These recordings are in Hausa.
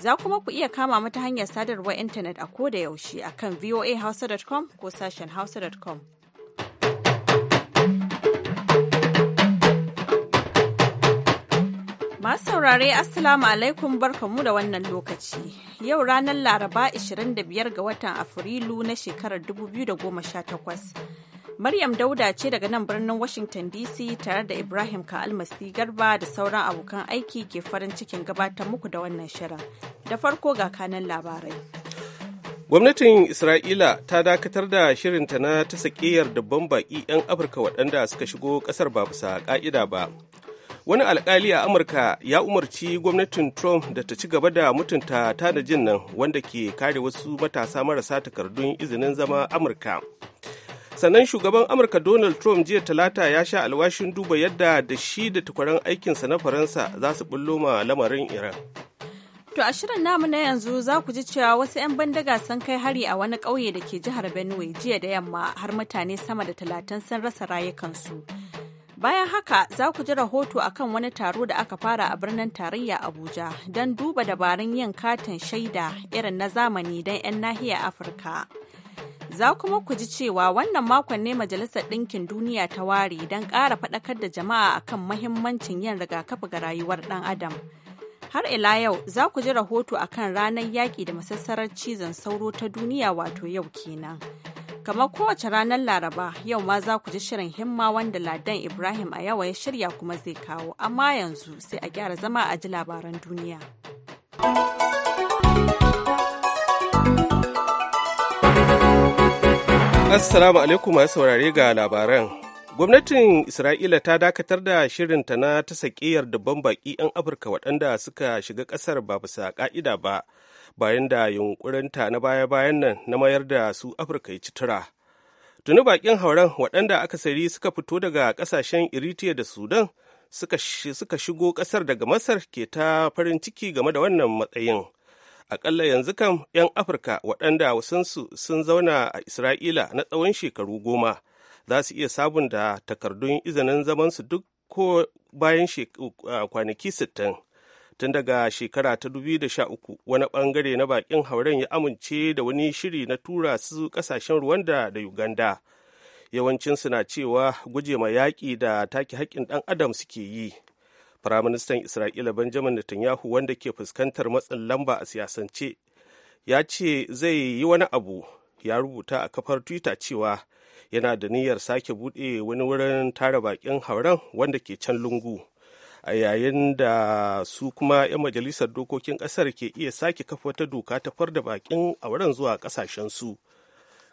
Za kuma ku iya kama mata hanyar sadarwar intanet a ko da yaushe a kan voahausa.com ko sashen hausa.com. Masu saurare Assalamu alaikum barkamu da wannan lokaci. Yau ranar Laraba 25 ga watan Afrilu na shekarar 2018. Maryam Dauda ce daga nan birnin Washington DC tare da Ibrahim Ka'almasi Garba da sauran abokan aiki ke farin cikin gabatar muku da wannan shirin. Da farko ga kanan labarai. Gwamnatin Isra'ila ta dakatar da shirinta na ta sakiyar dabban baƙi 'yan Afirka waɗanda suka shigo ƙasar ba bisa ƙa'ida ba. Wani alƙali a Amurka ya umarci gwamnatin Trump da ta ci gaba da mutunta tanajin nan wanda ke kare wasu matasa marasa takardun izinin zama Amurka. sannan shugaban amurka donald trump jiya talata ya sha alwashin duba yadda da shi da takwaran aikinsa na faransa za su bullo ma lamarin iran To a shirin namu na yanzu za ku ji cewa wasu 'yan bandaga sun kai hari a wani ƙauye da ke jihar Benue jiya da yamma har mutane sama da talatin sun rasa rayukansu. Bayan haka za ku ji rahoto akan wani taro da aka fara a birnin tarayya Abuja don duba dabarun yin katin shaida irin na zamani don 'yan nahiyar Afirka. Za kuma ku ji cewa wannan makon ne Majalisar Ɗinkin Duniya ta ware don ƙara faɗakar da jama'a akan mahimmancin yin rigakafi ga rayuwar ɗan adam. Har ila yau za ku ji rahoto a kan ranar yaƙi da masassarar cizon sauro ta duniya wato yau kenan. kamar kowace ranar laraba yau ma za ku ji shirin himma wanda ladan ibrahim a yawa ya shirya kuma zai kawo amma yanzu sai a gyara zama a ji labaran duniya Assalamu alaikum masu saurare ga labaran. Gwamnatin Isra'ila ta dakatar da shirinta na ta sakiyar dubban baƙi 'yan Afirka waɗanda suka shiga ƙasar ba bisa ƙa'ida ba, bayan da yunƙurinta na baya-bayan nan na mayar da su Afirka ya ci tura. Tuni baƙin hauren waɗanda akasari suka fito daga ƙasashen Eritrea da Sudan suka shigo ƙasar daga Masar ke ta farin ciki game da wannan matsayin. akalla yanzu kam 'yan afirka waɗanda wasansu sun zauna a isra'ila na tsawon shekaru goma za su iya da takardun izinin zamansu duk ko bayan uh, kwanaki 60 tun daga shekara ta 2013 wani bangare na bakin hauren ya amince da wani shiri na tura su kasashen rwanda da uganda yawancinsu na cewa guje ma yaƙi da take haƙƙin ɗan adam suke yi Firaministan Isra'ila Benjamin Netanyahu wanda ke fuskantar matsin lamba a siyasance ya ce zai yi wani abu ya rubuta a kafar Twitter cewa yana da niyyar sake buɗe wani wurin tara bakin hauren wanda ke can lungu. A yayin da su kuma 'yan majalisar dokokin ƙasar ke iya sake kafa wata doka ta da bakin auren zuwa su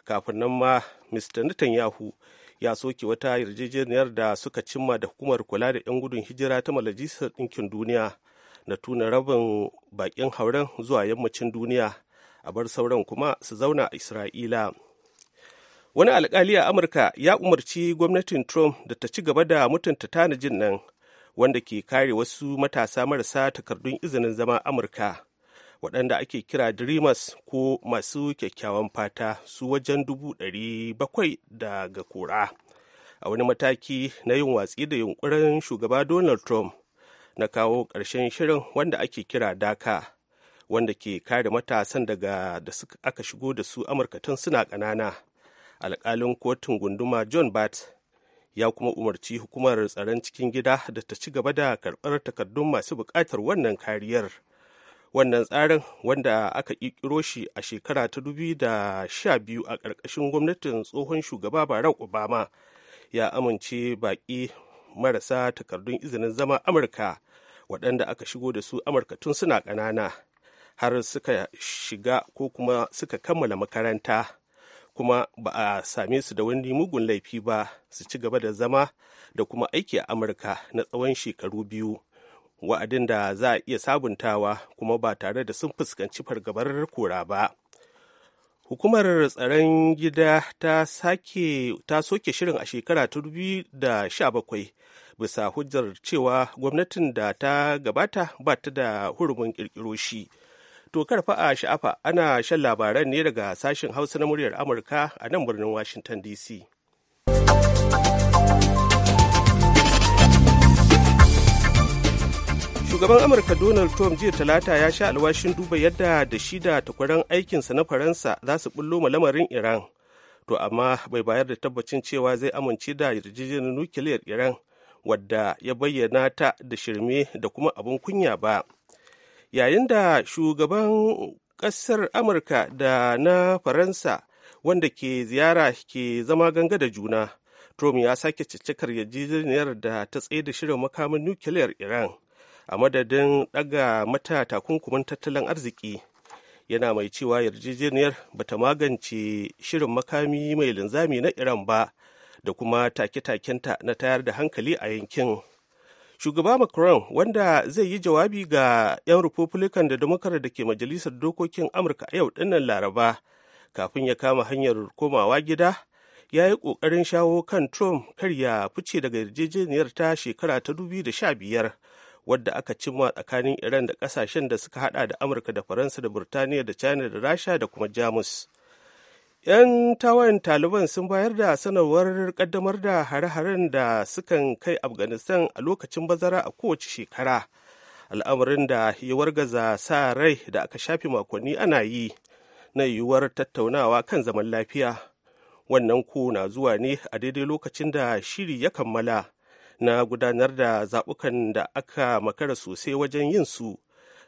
kafin nan ma Mr. Netanyahu ya soke wata yarjejeniyar da suka cimma da hukumar kula da 'yan gudun hijira ta Majalisar Ɗinkin Duniya na tuna rabin bakin hauren zuwa yammacin duniya a bar sauran kuma su zauna a Isra'ila. Wani alkali a Amurka ya umarci gwamnatin Trump da ta ci gaba da mutunta tanajin nan wanda ke kare wasu matasa marasa takardun izinin zama Amurka. waɗanda ake kira dreamers ko masu kyakkyawan fata su wajen dubu ɗari bakwai daga kura a wani mataki na yin watsi da yunkurin shugaba donald trump na kawo ƙarshen shirin wanda ake kira daka wanda ke kare matasan daga da aka shigo da su amurka tun suna ƙanana alƙalin kotun gunduma john bat ya kuma umarci hukumar tsaron cikin gida da ta ci gaba da karɓar takardun masu buƙatar wannan kariyar wannan tsarin wanda aka ƙirƙiro shi a shekara ta da sha biyu a ƙarƙashin gwamnatin tsohon shugaba barack obama ya amince baƙi marasa takardun izinin zama amurka waɗanda aka shigo da su amurka tun suna ƙanana har suka shiga ko kuma suka kammala makaranta kuma ba a same su da wani mugun laifi ba su ci gaba da zama da kuma aiki a amurka na tsawon shekaru biyu wa'adin da za a iya sabuntawa kuma ba tare da sun fuskanci fargabar kora ba hukumar tsaron gida ta sake ta soke shirin a shekara ta 2017 bisa hujjar cewa gwamnatin da ta gabata ba ta da hurumin kirkiro shi to karfa a sha'afa ana shan labaran ne daga sashen hausa na muryar amurka a nan birnin washington dc shugaban amurka donald trump jiya talata ya sha alwashin duba yadda da shi da takwaran aikinsa na faransa za su bullo ma lamarin iran to amma bai bayar da tabbacin cewa zai amince da yarjejeniyar nukiliyar iran wadda ya bayyana ta da shirme da kuma abin kunya ba yayin da shugaban ƙasar amurka da na faransa wanda ke ziyara ke zama ganga da juna trump ya sake cikakar yarjejeniyar da ta tsaye da shirin makamin nukiliyar iran a madadin ɗaga mata takunkumin tattalin arziki yana mai cewa yarjejeniyar bata magance shirin makami mai linzami na iran ba da kuma take-takenta na tayar da hankali a yankin shugaba macron wanda zai yi jawabi ga 'yan republican da demokrat da ke majalisar dokokin amurka a yau dinnan laraba kafin ya kama hanyar komawa gida ya yi ƙoƙarin shawo kan trump kar ya fice daga yarjejeniyar ta shekara ta 2015 wadda aka cimma tsakanin iran da kasashen da suka hada da amurka da faransa da burtaniya da china da rasha da kuma jamus 'yan tawayen taliban sun bayar da sanarwar kaddamar da hare-haren da sukan kai afghanistan a lokacin bazara a kowace shekara al'amarin da ya wargaza sa rai da aka shafe makonni ana yi na yiwuwar tattaunawa kan zaman lafiya wannan ku na zuwa ne a daidai lokacin da shiri ya kammala na gudanar da zaɓukan da aka makara sosai wajen yin su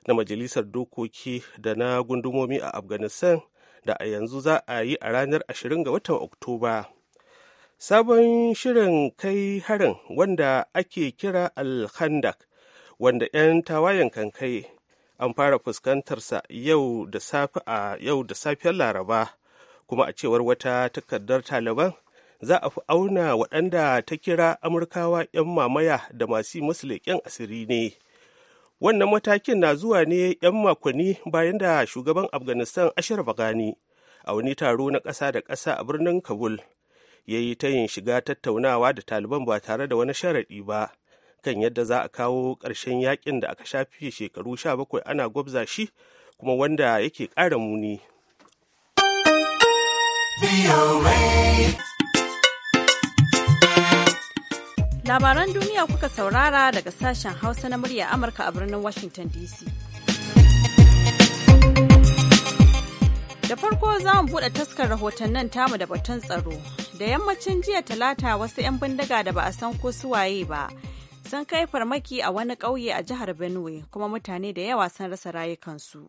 na majalisar dokoki da na gundumomi a afghanistan da a yanzu za a yi a ranar 20 ga watan oktoba sabon shirin kai harin wanda ake kira alhandak wanda 'yan tawayen kan kai an fara fuskantarsa yau da safiyar laraba kuma a cewar wata takardar taliban za a fi auna waɗanda ta kira amurkawa 'yan mamaya da masu masu leƙen asiri ne wannan matakin na zuwa ne 'yan makonni bayan da shugaban afghanistan ashar a wani taro na ƙasa da ƙasa a birnin kabul ya yi ta yin shiga tattaunawa da taliban ba tare da wani sharaɗi ba kan yadda za a kawo ƙarshen yakin da aka shafi shekaru 17 ana gwabza shi kuma wanda yake ƙara muni. Labaran duniya kuka saurara daga sashen Hausa na murya Amurka a birnin Washington DC. Da farko za mu buɗe taskar rahoton nan tamu da batun tsaro. Da yammacin jiya talata wasu 'yan bindiga da ba a san ko suwaye ba. Sun kai farmaki a wani ƙauye a jihar Benue kuma mutane da yawa sun rasa rayukansu.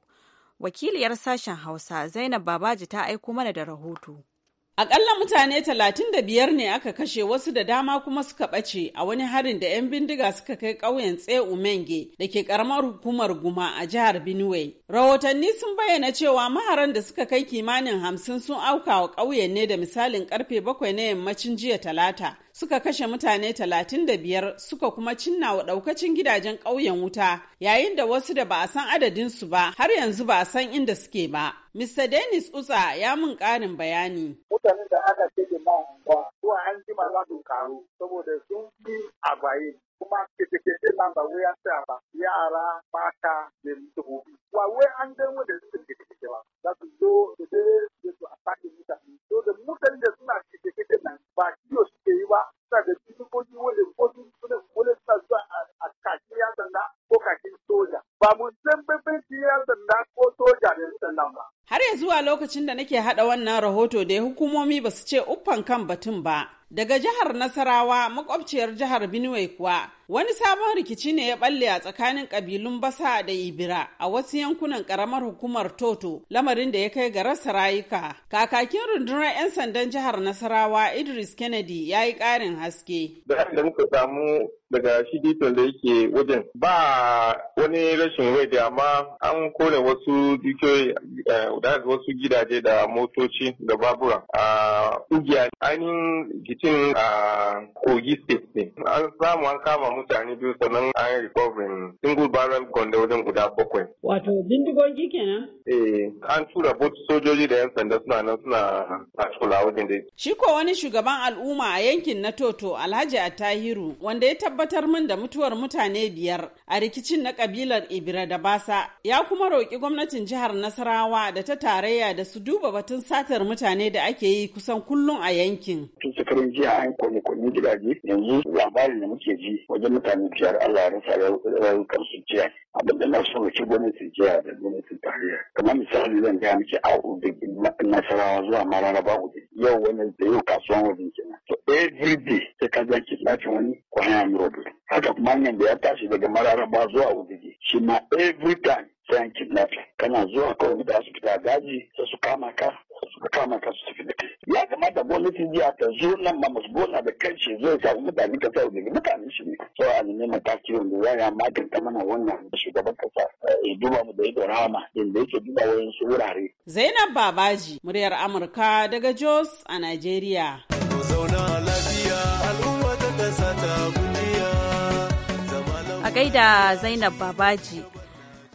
Wakiliyar sashen Hausa Zainab Babaji ta aiko mana da rahoto. Akalla mutane 35 ne aka kashe wasu da dama kuma suka ɓace a wani harin da 'yan bindiga suka kai ƙauyen Umenge da ke ƙaramar hukumar Guma a jihar Benue. Rahotanni sun bayyana cewa maharan da suka kai kimanin hamsin sun auka wa ƙauyen ne da misalin karfe bakwai na yammacin jiya talata suka kashe mutane 35 suka kuma cinna wa daukacin gidajen ƙauyen wuta yayin da wasu da ba a san adadinsu ba har yanzu ba a san inda suke ba. Mr. Dennis Utsa ya mun ƙarin bayani. Mutanen da aka ce ma zuwa an jima za su karu saboda sun fi agwaye kuma kete-kete nan ba wuya sa ba yara mata da dubu. Wa wai an gan wanda suke kete-kete ba za su zo da dare ba mu san sanda ko soja da sanda ba. Har ya zuwa lokacin da nake haɗa wannan rahoto da hukumomi ba su ce uffan kan batun ba. Daga jihar Nasarawa makwabciyar jihar Benue kuwa wani sabon rikici ne ya balle a tsakanin kabilun Basa da Ibira a wasu yankunan karamar hukumar Toto lamarin da ya kai ga rasa rayuka. Kakakin rundunar 'yan sandan jihar Nasarawa Idris Kennedy ya yi ƙarin haske. Da da muka samu daga shi da yake wajen ba wani rashin rai da amma an kone wasu dukiyoyi eh, da wasu gidaje da motoci da babura a ah, ugiya ainihin cikin a kogi state ne an samu an kama mutane biyu sannan an yi recovering single barrel gun da wajen guda bakwai wato bindigogi kenan eh an tura bot sojoji da yan sanda suna nan suna a kula wajen dai shi ko wani shugaban al'umma a yankin na toto alhaji attahiru wanda ya tabbatar min da mutuwar mutane biyar a rikicin na kabilar ibira da basa ya kuma roƙi gwamnatin jihar nasarawa da ta tarayya da su duba batun satar mutane da ake yi kusan kullum a yankin. Tun jiya an kone kone gidaje yanzu labarin da muke ji wajen mutane biyar Allah ya rasa rayukan su jiya abin da na so mu ci gwamnatin jiya da gwamnatin tarayya kamar misali zan gaya miki a nasarawa zuwa mararaba ubi yau wani da yau kasuwan wajen kenan to every day sai ka zaki lafin wani kwanan rodo haka kuma hanyar da ya tashi daga mararaba zuwa ubi shi ma every time yan kidnapping kana zuwa kawai da su fita daji sai su kama ka su kama ka su tafi ya kamata gwamnatin jiya ta zo nan ma musu gona da kanshi zai sa mutane ka sa daga mutane shi ne so a nemi mataki wanda ya ya maganta mana wannan shugaban kasa eh, ya duba mu da ido rama inda yake duba wayan su wurare Zainab Babaji muryar Amurka daga Jos a Najeriya A gaida Zainab Babaji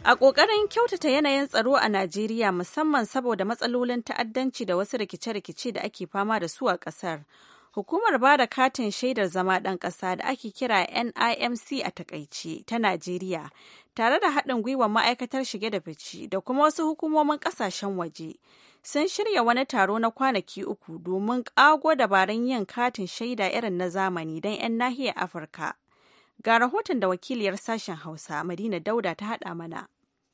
A ƙoƙarin kyautata yanayin tsaro a Najeriya musamman saboda matsalolin ta'addanci da wasu rikice-rikice da ake fama da su a ƙasar. Hukumar ba da katin shaidar zama ɗan ƙasa da ake kira NIMC a takaice ta Najeriya, tare da haɗin gwiwar ma'aikatar shige da fice da kuma wasu hukumomin ƙasashen waje, sun shirya wani taro na kwanaki uku domin ƙago dabarun yin katin shaida irin na zamani don 'yan nahiyar Afirka. Ga rahoton da wakiliyar sashen Hausa Madina Dauda ta haɗa mana.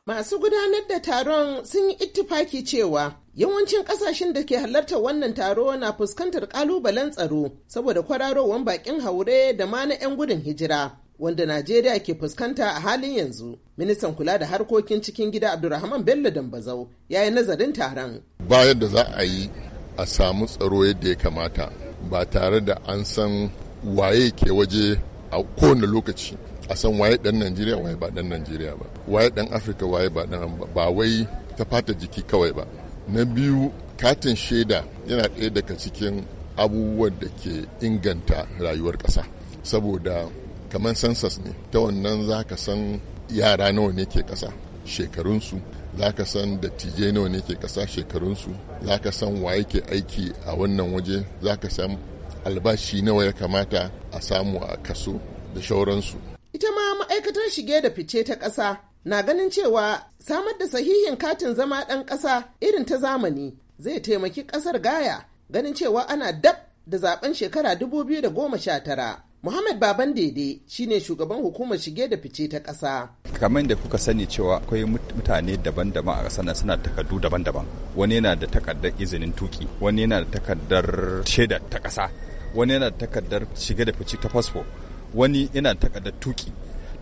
Masu gudanar da taron sun yi ittifaki cewa yawancin kasashen da ke halartar wannan taro na fuskantar kalubalen tsaro saboda kwararowar bakin haure da ma na 'yan gudun hijira. wanda Najeriya ke fuskanta a halin yanzu. Ministan kula da harkokin cikin gida Abdulrahman Bello Dambazau ya yi nazarin taron. ba da za a yi a samu tsaro yadda ya kamata ba tare da an san waye ke waje a kowane lokaci a san waye dan Najeriya waye ba dan Najeriya ba waye dan Afirka waye ba dan ba wai ta fata jiki kawai ba na biyu katin shaida yana ɗaya daga cikin abubuwan da ke inganta rayuwar ƙasa saboda kamar census ne ta wannan za ka san yara nawa ne ke ƙasa shekarunsu za ka san dattijai nawa ne ke ƙasa shekarunsu za ka san waye ke aiki a wannan waje za ka san albashi nawa ya kamata a samu a kaso da shauransu ma'aikatar shige da fice ta ƙasa na ganin cewa samar da sahihin katin zama ɗan ƙasa irin ta zamani zai taimaki ƙasar gaya ganin cewa ana dab da zaben shekara 2019 Muhammad Baban Dede shine shugaban hukumar shige da fice ta ƙasa. Kamar da kuka sani cewa akwai mutane daban-daban a ƙasar nan suna takardu daban-daban. Wani yana da takardar izinin tuki, wani yana da takardar shaidar ta ƙasa, wani yana da takardar shige da fice ta fasfo, wani yana da takardar tuki.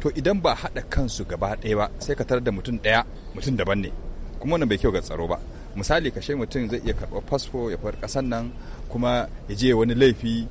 to idan ba haɗa kansu gaba ɗaya ba sai ka tarar da mutum ɗaya mutum daban ne kuma wannan bai kyau ga tsaro ba misali ka kashe mutum zai iya karɓar fasfo ya far ƙasan nan kuma ya je wani laifi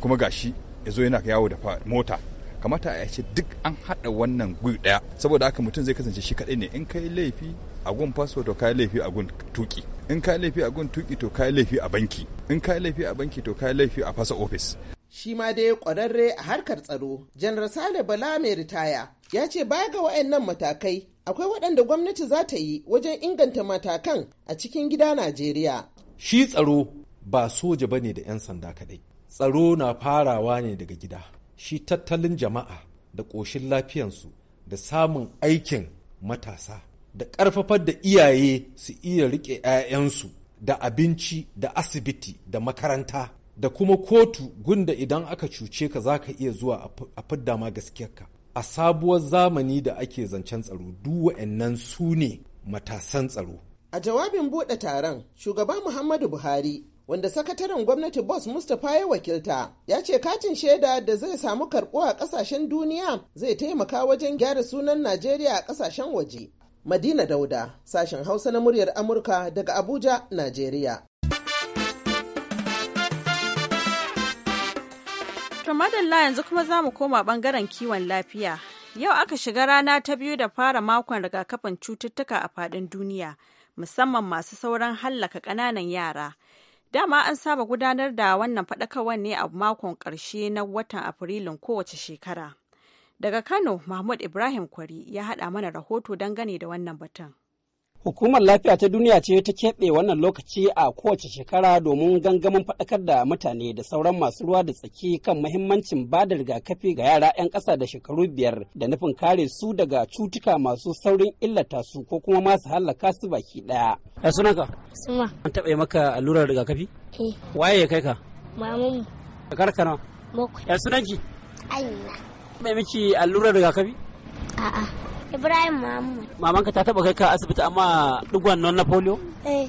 kuma gashi ya zo yana yawo da mota kamata a ce duk an haɗa wannan gwi ɗaya saboda haka mutum zai kasance shi kaɗai ne in kai laifi a gun fasfo to kai laifi a gun tuki in kai laifi a gun tuki to kai laifi a banki in kai laifi a banki to kai laifi a fasa ofis shi ma dai kwararre a harkar tsaro janar sale bala mai ritaya ya ce baya ga waɗannan matakai akwai waɗanda gwamnati za ta yi wajen inganta matakan a cikin gida najeriya shi tsaro ba soja ba ne da 'yan sanda kaɗai tsaro na farawa ne daga gida shi tattalin jama'a da ƙoshin lafiyansu da samun aikin matasa da ƙarfafar da iyaye su iya riƙe 'ya'yansu da abinci da asibiti da makaranta da kuma kotu gunda idan aka cuce ka za ka iya zuwa a fidda ma gaskiyarka a sabuwar zamani da ake zancen tsaro duk wa'annan su ne matasan tsaro a jawabin buɗe taron shugaba muhammadu buhari wanda sakataren gwamnati boss mustapha ya wakilta ya ce katin shaida da zai samu karɓuwa a ƙasashen duniya zai taimaka wajen gyara sunan najeriya a ƙasashen waje madina dauda sashen hausa na muryar amurka daga abuja najeriya madalla yanzu kuma za mu koma bangaren kiwon lafiya. Yau aka shiga rana ta biyu da fara makon rigakafin cututtuka a faɗin duniya, musamman masu sauran hallaka ƙananan yara. Dama an saba gudanar da wannan faɗakarwar ne a makon ƙarshe na watan Afrilun kowace shekara. Daga Kano, Mahmud Ibrahim Kwari ya haɗa mana rahoto dangane da wannan batun. Hukumar lafiya ta duniya ce ta keɓe wannan lokaci a kowace shekara domin gangamin faɗakar da mutane da sauran masu ruwa da tsaki kan mahimmancin ba da rigakafi ga yara 'yan ƙasa da shekaru biyar da nufin kare su daga cutuka masu saurin illata su ko kuma masu hallaka su baki ɗaya. Ya sunanka? Suma. An taɓa maka allurar rigakafi? Eh. Waye ya kai ka? Mamanmu. Kakar ka nawa? Bakwai. Ya sunanki? Aina. yi miki allurar rigakafi? A'a. Ibrahim Muhammad. Mamanka ta taba kai ka asibiti amma duk nan na polio? Eh.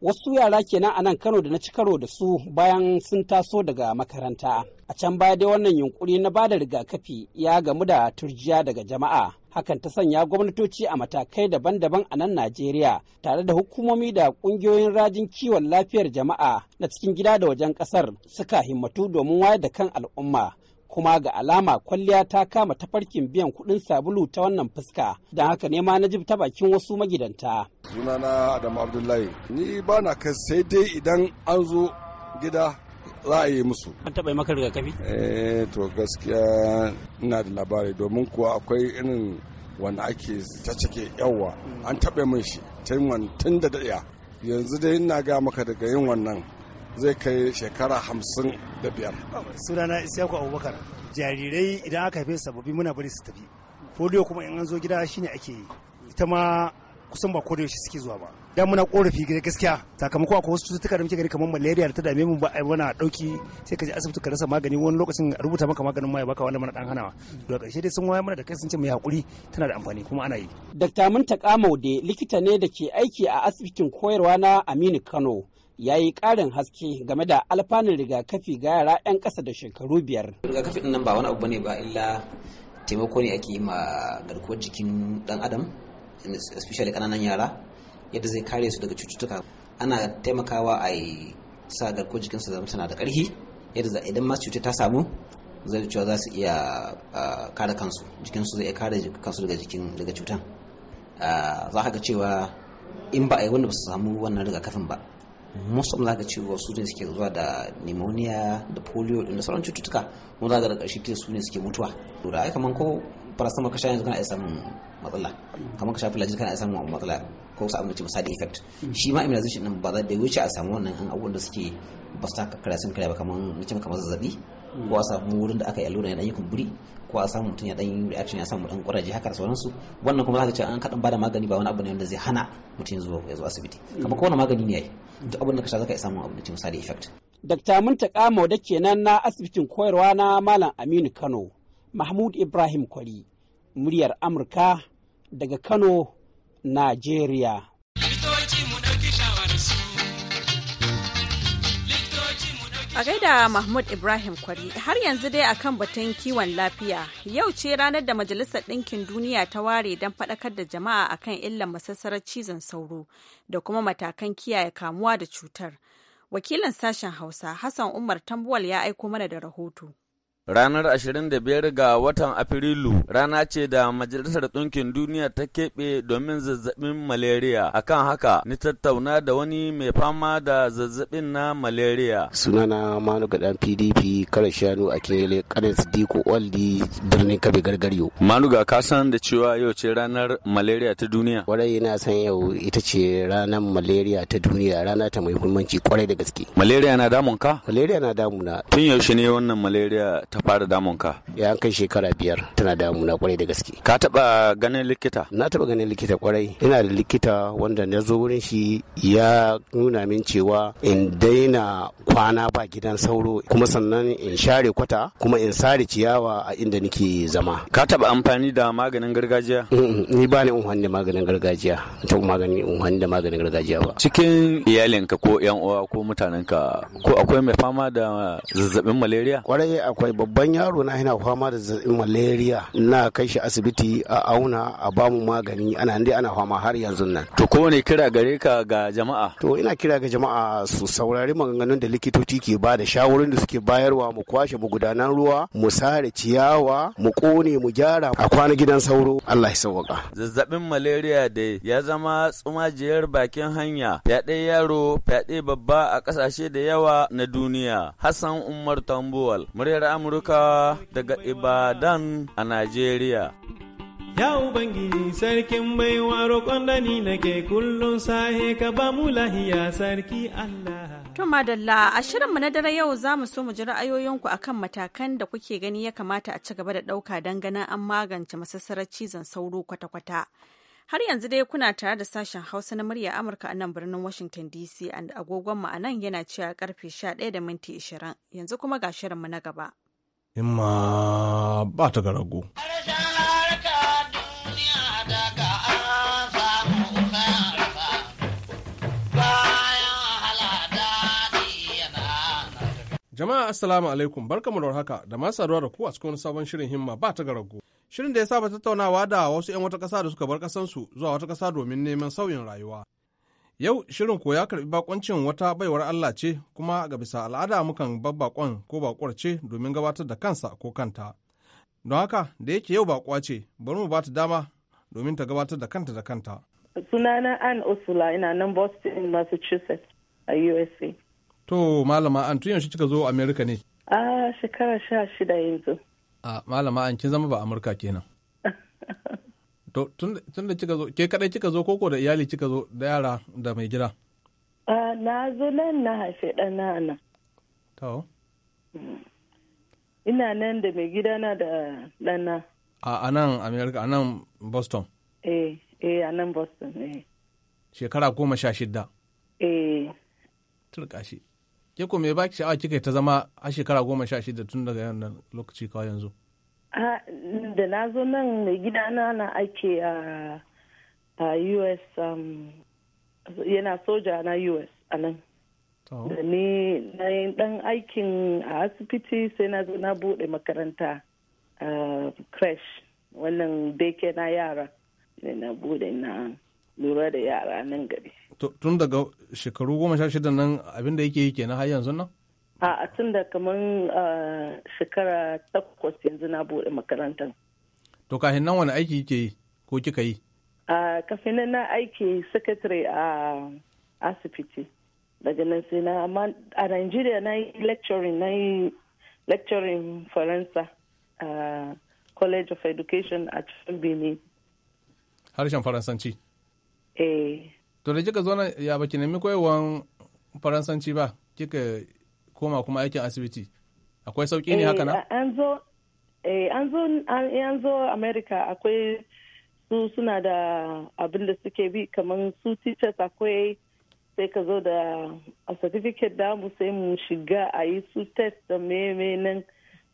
Wasu yara kenan a nan Kano da na ci karo da su bayan sun taso daga makaranta. A can baya dai wannan yunkuri na bada rigakafi ya gamu da turjiya daga jama'a. Hakan ta sanya gwamnatoci a matakai daban-daban a nan Najeriya tare da hukumomi da kungiyoyin rajin kiwon lafiyar jama'a na cikin gida da wajen kasar suka himmatu domin wayar da kan al'umma. kuma ga alama kwalliya ta kama ta farkin biyan kuɗin sabulu ta wannan fuska don haka nema na jib ta bakin wasu magidanta. sunana adamu abdullahi ni ba na kai sai dai idan an zo gida za a yi musu. An taɓa yi maka rigakafi? Eh to gaskiya ina da labari domin kuwa akwai irin wanda ake ta cike yawa an taɓa min shi tun da daɗiya yanzu dai ina ga maka daga yin wannan zai kai shekara hamsin da biyar. sunana isyaku abubakar jarirai idan aka haife sababbi muna bari su tafi Foliyo kuma in an zo gida shine ake yi ita ma kusan ba ko da yaushe suke zuwa ba dan muna korafi gida gaskiya sakamako akwai wasu cututtuka da muke gani kamar malaria da ta dame mu ba ai mana dauki sai ka je asibiti ka rasa magani wani lokacin a rubuta maka maganin ma ya baka wani mana dan hanawa daga karshe dai sun waya mana da kai sun ce mai hakuri tana da amfani kuma ana yi Dr. Munta Kamaude likita ne da ke aiki a asibitin koyarwa na Aminu Kano ya yi ƙarin haske game da alfanun rigakafi ga yara 'yan ƙasa da shekaru biyar. rigakafi ɗin nan ba wani abu ne ba illa taimako ne ake ma garkuwar jikin ɗan adam especially ƙananan yara yadda zai kare su daga cututtuka ana taimakawa a yi sa garkuwar jikinsu zama tana da ƙarfi yadda idan masu cuta ta samu zai cewa za su iya kare kansu jikinsu zai iya kare kansu daga jikin daga cutan za ka ga cewa in ba a yi wanda ba su samu wannan rigakafin ba musamman za ka ce su ne suke zuwa da pneumonia da polio da sauran cututtuka mu za ka da ƙarshe ke su ne suke mutuwa to da ai kaman ko parasama ka sha yanzu kana iya samun matsala kamar ka sha filajin kana iya samun matsala ko sa abin da effect shi ma immunization din ba za da wuce a samu wannan abubuwan da suke ba su ta kakkara sun kare ba kaman mutum kamar zazzabi ko a samu wurin da aka yi allura yana dan yi kumburi ko a samu mutum ya dan yi reaction ya samu dan kuraje haka da sauransu wannan kuma zaka ce an kadan bada magani ba wani abu ne wanda zai hana mutum zuwa ya zo asibiti kamar kowane magani ne yayi duk abin da ka sha zaka iya samun abu da ke misali effect Dr. Muntaka da kenan na asibitin koyarwa na Malam Aminu Kano Mahmud Ibrahim Kwari muryar Amurka daga Kano Najeriya A gaida Mahmud Ibrahim Kwari har yanzu dai akan batun kiwon lafiya yau ce ranar da Majalisar Ɗinkin Duniya ta ware don faɗakar da jama'a akan illan masassarar cizon sauro da kuma matakan kiyaye kamuwa da cutar. Wakilin sashen Hausa Hassan Umar Tambuwal ya aiko mana da rahoto. Ranar 25 ga watan Afrilu rana ce da Majalisar Ɗinkin Duniya ta keɓe domin zazzabin malaria. kan haka, ni tattauna da wani mai fama da zazzabin na malaria. Sunana Manu Gadan PDP kare shanu a kele ƙanin Sidiku Oldi birnin Kabe Gargaryo. Manu ga ka san da cewa yau ce ranar malaria ta duniya. Kwarai na san yau ita ce ranar malaria ta duniya rana ta mai muhimmanci kwarai da gaske. Malaria na damun ka? Malaria na damuna. Tun yaushe ne wannan malaria ta fara damun ka? Ya kai shekara biyar tana damuna kwarai da gaske. Ka taba ganin likita? Na taba ganin likita kwarai. Ina da likita wanda na zo wurin shi ya nuna min cewa in daina kwana ba gidan sauro kuma sannan in share kwata kuma in sare ciyawa a inda nake zama. Ka taba amfani da maganin gargajiya? Ni ba ni unhanni maganin gargajiya. Ta maganin unhanni da maganin gargajiya ba. Cikin iyalinka ko yan uwa ko mutanen ka ko akwai mai fama da zazzabin malaria? Kwarai akwai babban yaro na yana fama da zazzabin malaria na kai shi asibiti a auna a bamu magani ana ne ana fama har yanzu nan to ko ne kira gare ka ga jama'a to ina kira ga jama'a su saurari maganganun da likitoci ke ba da shawarin da suke bayarwa mu kwashe mu gudanan ruwa mu sare ciyawa mu kone mu gyara a kwana gidan sauro Allah ya sauka zazzabin malaria da ya zama tsumajiyar bakin hanya fyaɗe yaro fyaɗe babba a ƙasashe da yawa na duniya Hassan Umar Tambuwal muryar amu Amurka daga Ibadan a Najeriya. Ya Ubangiji sarkin baiwa roƙon da ni nake kullum sahe ka ba mu lahiya sarki Allah. To madalla a shirinmu na dare yau za mu so mu ji ra'ayoyinku akan matakan da kuke gani ya kamata a ci gaba da ɗauka don ganin an magance masassarar cizon sauro kwata-kwata. Har yanzu dai kuna tare da sashen Hausa na murya Amurka a nan birnin Washington DC and agogon a nan yana cewa karfe 11 da minti 20 yanzu kuma ga shirinmu na gaba. in ma ba ta ga Jama'a Assalamu alaikum barkamu da haka da masu saduwa da ku a cikin sabon shirin himma ba ta garago. Shirin da ya saba tattaunawa da wasu 'yan wata ƙasa da suka bar ƙasansu zuwa wata ƙasa domin neman sauyin rayuwa. Yau shirin ko ya karbi bakoncin wata baiwar Allah ce kuma ga bisa al'ada mukan bar bakon ko bakuwar ce domin gabatar da kansa ko kanta. Don haka da yake yau bakuwa ce bari mu bata dama domin ta gabatar da kanta da kanta. Sunana an Osula ina nan Boston, Massachusetts a USA. To malama an tun yaushe kika zo Amerika ne? A shekara sha shida yanzu. A malama an kin zama ba Amurka kenan. To tun da kika zo ke kadai kika zo koko da iyali kika zo da yara da mai gida? na zo nan na haife ɗana nan. To. Mm. Ina nan da mai gida na da ɗana. A nan Amerika, a nan Boston? Eh, eh, a nan Boston, eh. Shekara goma sha shidda? Eh. Turka shi. Ke ko me baki sha'awa kika ta zama a shekara goma sha shidda tun daga yan lokaci kawai yanzu? da na zo nan mai gidana na ake a us um, yana soja na us a nan da ni na yi dan aikin a asibiti sai na zo na bude makaranta crash wannan daycare na yara ne na bude na lura da yara nan gari tun daga shekaru goma sha shida nan abinda yake yi kenan har yanzu nan a tun da kamar shekara takwas yanzu na buɗe makarantar to kafin nan wani aiki ke yi ko kika yi kafin nan na aiki secretary a asibiti daga nan sai na amma a nigeria na yi lecturing na yi lecturing faransa a college of education a cikin benin harshen faransanci eh to da kika zo ya baki nemi koyarwan faransanci ba kika koma kuma aikin asibiti akwai sauki ne eh, haka na an zo eh, eh, amerika akwai su suna da abin da suke bi kamar su teachers akwai sai ka zo da a certificate da mu sai mu shiga a yi su test da meme nan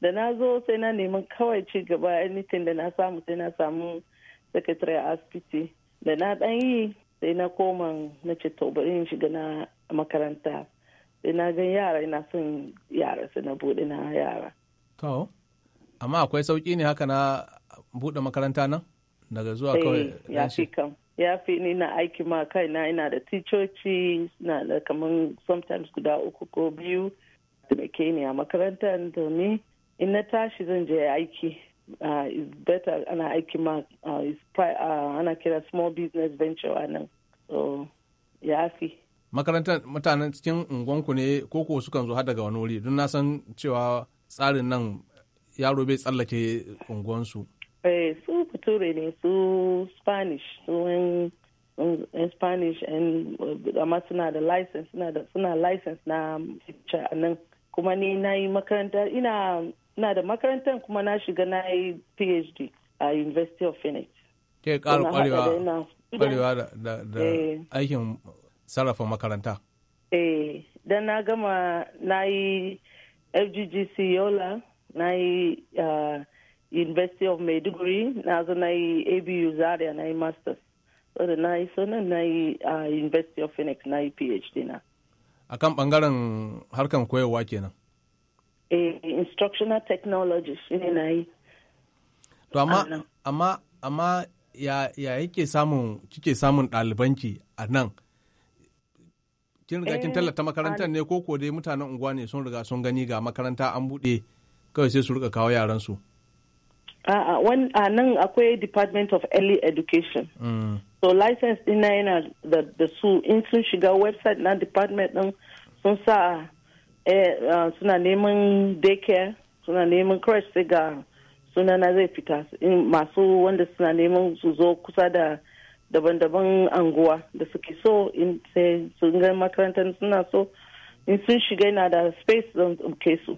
da na zo sai na neman kawai ci gaba anything da na samu sai na samu secretary a asibiti da na dan yi sai na koma na ce to bari in shiga na makaranta ina gan yara ina son yara su na bude na yara to amma akwai sauƙi ne haka na bude makaranta nan daga zuwa eh, kawai ya fi kam ya fi ni na aiki ma kaina ina da ticoci na da kamar sometimes guda uku ko biyu taimake ni a makaranta domin in na tashi zan je aiki uh, ah, is better ana aiki ma uh, ah, is, uh, ah, ana kira small business venture a nan so ya fi makarantar mutanen cikin unguwanku ne koko sukan zo har daga wani wuri don na san cewa tsarin nan yaro bai tsallake unguwansu. Eh, su fiture ne su spanish su in spanish amma suna da license suna license na nan kuma ni na yi makaranta ina na da makarantar kuma na shiga na yi phd a university of phoenix ke kara kwarewa da eh. aikin sarrafa makaranta? Eh, dan na gama na yi FGGC Yola, na yi uh, University of Maiduguri, na zo na yi ABU Zaria na yi Masters. So da na yi sonan na yi uh, University of Phoenix na yi PhD na. A kan ɓangaren harkan koyarwa kenan? Eh, Instructional Technology shi ne na yi. To amma, ah, amma, amma ya, ya yake samun, kike samun ɗalibanki a nan? kin riga kin eh, tallata makarantar ne ko ko dai mutanen unguwa ne sun riga sun gani ga makaranta an buɗe kawai sai su rika kawo yaran su a'a a nan akwai department of early education mm. so license na yana da su in sun shiga website na department ɗin sun sa eh, suna neman daycare suna neman crash sai ga sunana zai fita masu wanda suna neman su zo kusa da daban-daban anguwa da suke so in sai sun ga makarantar suna so in sun shiga yana da space don ke su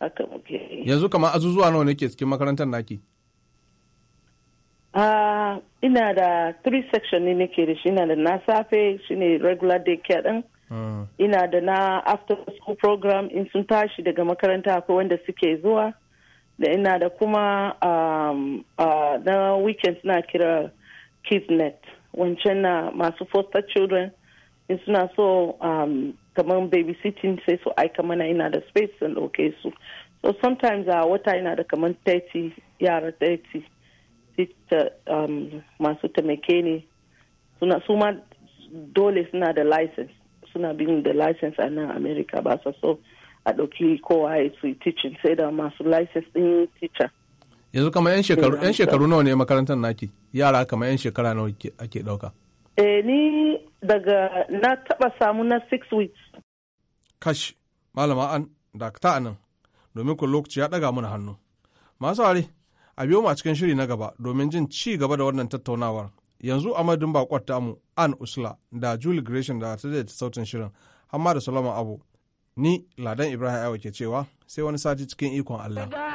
haka muke yanzu kamar azuzuwa nawa nake cikin makarantar naki Uh, ina da three section ne nake da shi ina da na safe shine regular day care din ah. ina da na after school program in sun tashi daga makaranta ko wanda suke zuwa da ina da kuma um, uh, na weekend suna kira kidnet wancan na uh, masu foster children in suna so um, kamar babysitting sai so aika mana ina da space sun ɗauke su so sometimes a wata ina da kamar 30 yara 30 um, masu taimake ne suna su ma dole suna da license suna bin da license a nan america ba so a ɗauki kowa ya su teaching sai da masu license ɗin teacher yanzu kamar yan shekaru eh, yan shekaru nawa ne makarantar naki yara kamar yan shekara nawa ake dauka eh ni daga na taba samu na 6 weeks kash malama an dakta anan domin ku lokaci ya daga mana hannu masu hari a biyo mu a cikin shiri na gaba domin jin ci gaba da wannan tattaunawar yanzu a madadin bakwar mu an usla da julie gresham da ta da sautin shirin amma da solomon abu ni ladan ibrahim aiwa cewa sai wani sati cikin ikon allah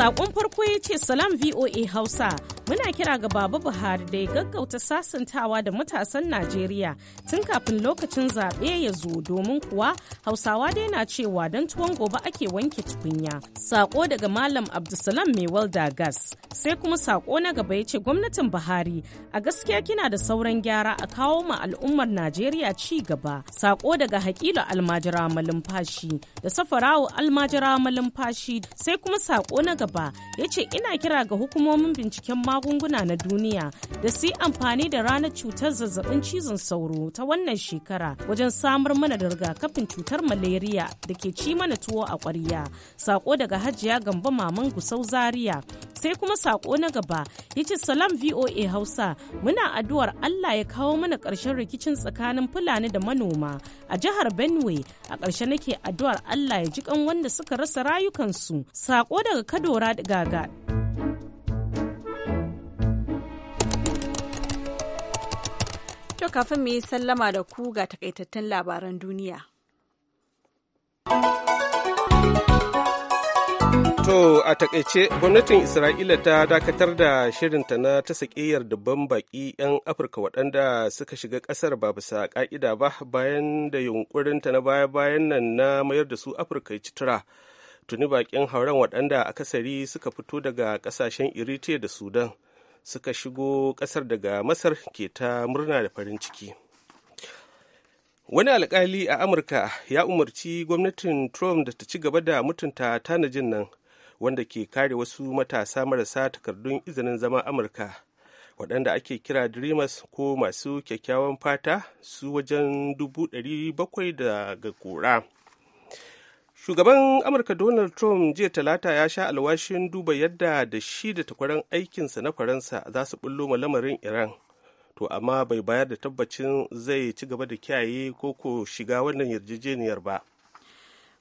Sakon farko ya ce Salam VOA Hausa muna kira ga Baba Buhari da ya gaggauta sasantawa da matasan Najeriya tun kafin lokacin zaɓe ya zo domin kuwa Hausawa dai na cewa don tuwon gobe ake wanke tukunya. Sako daga Malam Abdulsalam mai walda gas sai kuma sako na gaba ya ce gwamnatin Buhari a gaskiya kina da sauran gyara a kawo ma al'ummar Najeriya ci gaba. Sako daga Hakilu Almajira Malumfashi da Safarawo Almajira Malumfashi sai kuma sako na gaba gaba ya ce ina kira ga hukumomin binciken magunguna na duniya da su yi amfani da ranar cutar zazzabin cizon sauro ta wannan shekara wajen samar mana da rigakafin cutar malaria da ke ci mana tuwo a ƙwarya sako daga hajiya gamba maman gusau zaria sai kuma sako na gaba ya ce salam voa hausa muna addu'ar allah ya kawo mana ƙarshen rikicin tsakanin fulani da manoma a jihar benue a ƙarshe nake addu'ar allah ya ji wanda suka rasa rayukansu sako daga kado Laura Gaga. To kafin mu yi sallama da ku ga takaitattun labaran duniya. To a takaice gwamnatin Isra'ila ta dakatar da shirinta na ta sakiyar dubban baki 'yan Afirka waɗanda suka shiga ƙasar ba bisa ƙa'ida ba bayan da yunkurinta na baya-bayan nan na mayar da su Afirka ya ci tura. tuni bakin hauren waɗanda akasari suka fito daga ƙasashen iritiya da sudan suka shigo ƙasar daga masar ke ta murna da farin ciki wani alkali a amurka ya umarci gwamnatin trump da ta ci gaba da mutunta tanajin nan wanda ke kare wasu matasa marasa takardun izinin zama amurka waɗanda ake kira dreamers ko masu kyakkyawan fata su wajen dubu ɗari bakwai daga kora shugaban amurka donald trump jiya talata ya sha alwashin duba yadda da shi da takwaran aikinsa na faransa za su bullo ma lamarin iran to amma bai bayar da tabbacin zai ci gaba da kiyaye ko ko shiga wannan yarjejeniyar ba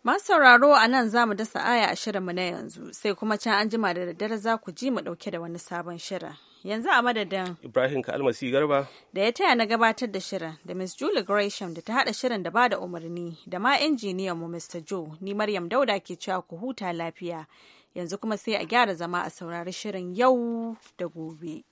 masu sauraro a nan za mu dasa aya a shirinmu na yanzu sai kuma can an jima da daddare za ku ji mu ɗauke da wani sabon shirin yanzu a madadin Ibrahim ka garba da ya taya na gabatar da shirin da Miss Julie Gresham da ta hada shirin da bada umarni da ma injiniyan mu Mr. Joe ni Maryam Dauda ke cewa ku huta lafiya yanzu kuma sai a gyara zama a saurari shirin yau da gobe.